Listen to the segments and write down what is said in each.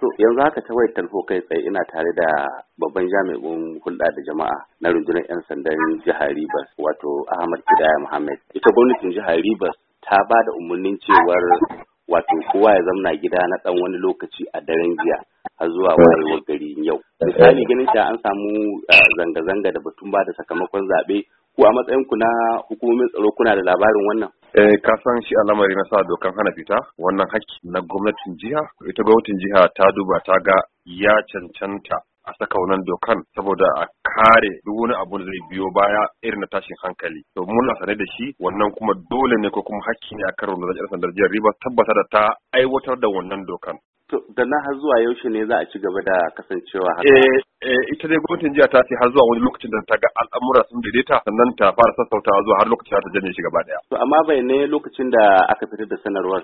To yanzu haka ta wayar tarho kai tsaye ina tare da babban jami'in hulɗa da jama'a na rundunar 'yan sandan jihar Ribas wato Ahmad Kidaya Muhammad. Ita gwamnatin jihar Ribas ta ba da umarnin cewar wato kowa ya zamna gida na ɗan wani lokaci a daren jiya har zuwa wayewar gari yau. Misali ganin ta an samu zanga-zanga da batun ba da sakamakon zaɓe ko a matsayin ku na hukumomin tsaro kuna da labarin wannan? Eh, ka san shi al'amari na sa dokan hana fita wannan haƙƙi na gwamnatin jiha ita gwamnatin jiha ta duba ta ga ya cancanta a saka wannan dokan saboda a kare duk wani abu da zai biyo baya irin na tashin hankali to na sane da shi wannan kuma dole ne ko kuma hakki ne a karo da jihar sandar jihar riba tabbata da ta aiwatar da wannan dokan to da na har zuwa yaushe ne za a ci gaba da kasancewa haka eh, Eh, ita dai gwamnatin jiya ta ce har zuwa wani lokacin da ta ga al'amura sun daidaita sannan ta fara sassautawa zuwa har lokacin da ta janye shi gaba daya. amma bai ne lokacin da aka fitar da sanarwar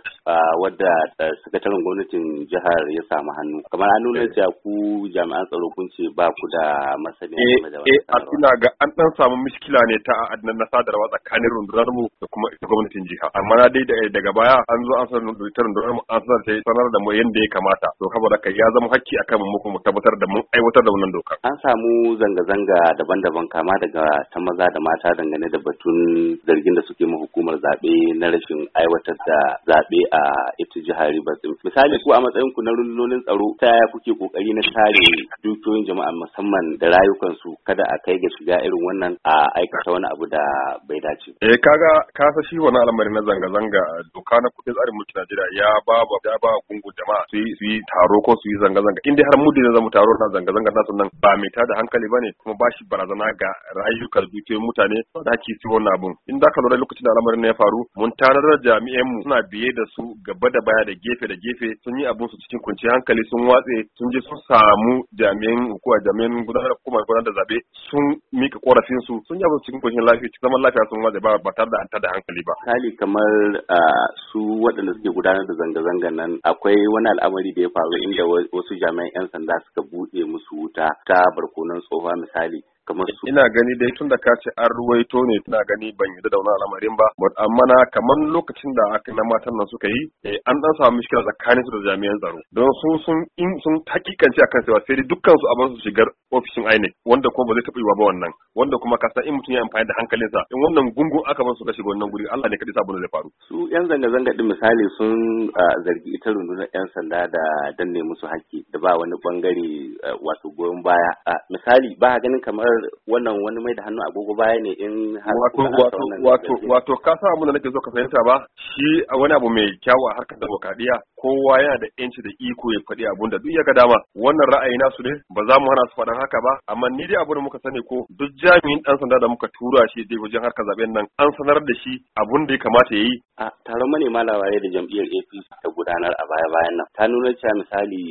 wadda sakataren gwamnatin jihar ya samu hannu kamar an nuna eh. cewa ku jami'an tsaro kun ce ba ku da masani eh, game da wannan. ina ga an dan samu miskila ne ta adnan na sadarwa tsakanin rundunar mu da kuma ita gwamnatin jiha amma na dai daga baya an zo an sanar da rundunar mu an sanar da mu yadda ya kamata to da kai ya zama hakki akan mu mu tabbatar da mun aiwatar da wannan wannan doka. an samu zanga-zanga daban-daban kama daga ta maza da mata dangane da batun zargin da suke ma hukumar zaɓe na rashin aiwatar da zaɓe a ita jihar Rivers misali ku a matsayin ku na rundunonin tsaro ta yaya kuke kokari na kare dukiyoyin jama'a musamman da rayukansu kada a kai ga shiga irin wannan a aikata wani abu da bai dace eh kaga ka sa shi wani al'amari na zanga-zanga doka na kudin tsarin mulkin Najeriya ya ba ya ba gungun jama'a su yi taro ko su yi zanga-zanga inda har mu da zamu taro na zanga-zanga na sannan ba mai tada hankali bane kuma ba shi barazana ga rayukan dukiyoyin mutane da ake ci wannan abun in da ka lura lokacin da al'amarin ya faru mun tarar da jami'an mu suna biye da su gaba da baya da gefe da gefe sun yi abun su cikin kunci hankali sun watse sun je sun samu jami'an hukuma jami'an gudanar hukumar gudanar da zabe sun mika korafin su sun yi abun cikin kunci lafiya cikin zaman lafiya sun watse ba ba tare da an tada hankali ba. hali kamar ah, su waɗanda suke gudanar da zanga-zangan nan akwai wani al'amari da ya faru inda wasu jami'an 'yan sanda suka buɗe musu wuta ta barkonon tsofa misali kamar su ina gani dai tun da ka ce an ruwaito ne ina gani ban yi da wani al'amarin ba amma na kamar lokacin da aka na matan nan suka yi eh, an dan samu mishkila tsakanin su da jami'an tsaro don su sun in sun hakikanci akan cewa sai dukkan su a bar su shigar ofishin INEC wanda kuma ba zai taɓa yiwa ba wannan wanda kuma ka san in mutum ya amfani da hankalinsa in wannan gungun aka bar su ka shiga wannan guri Allah ne kadai sabon zai faru su yan zanga zanga din misali sun ah, zargi ita rundunar yan sanda da danne musu haƙƙi da ba wani bangare ah, wato goyon baya misali ba ganin kamar wannan wani mai da hannu agogo baya ne in har wato wato wato ka sa abin da nake so ka fahimta ba shi wani abu mai kyawu a harkar demokradiya kowa yana da yanci da iko ya faɗi abun da duk ya ga dama wannan ra'ayi nasu ne ba za mu hana su faɗan haka ba amma ni dai abin da muka sani ko duk jami'in dan sanda da muka tura shi dai wajen harkar zaben nan an sanar da shi abun da ya kamata ya yi A taron manema labarai da jam'iyyar APC ta gudanar a baya-bayan nan ta nuna cewa misali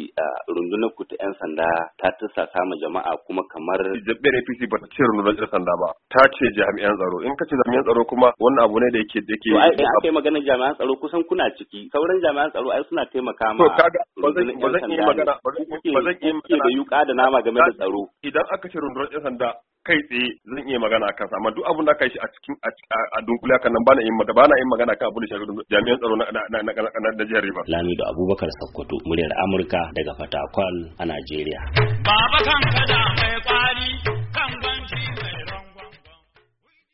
rundunar ku ta 'yan sanda ta tursasa ma jama'a kuma kamar jam'iyyar APC ba ta ce rundunar 'yan sanda ba ta ce jami'an tsaro in ka ce jami'an tsaro kuma wannan abu ne da yake da ke to ai aka yi maganar jami'an tsaro kusan kuna ciki sauran jami'an tsaro ai suna taimaka ma ba zan yi magana ba zan yi magana da yuka da nama game da tsaro idan aka ce rundunar 'yan sanda kai tsaye zan iya magana akan sa amma duk abunda da ka shi a cikin a dunkule haka nan bana yin magana bana yin magana akan abun da shafi jami'an tsaro na na da jihar Riba Lamido Abubakar Sakkwato muryar Amurka daga Fatakwal a Najeriya Baba kan kada mai kwari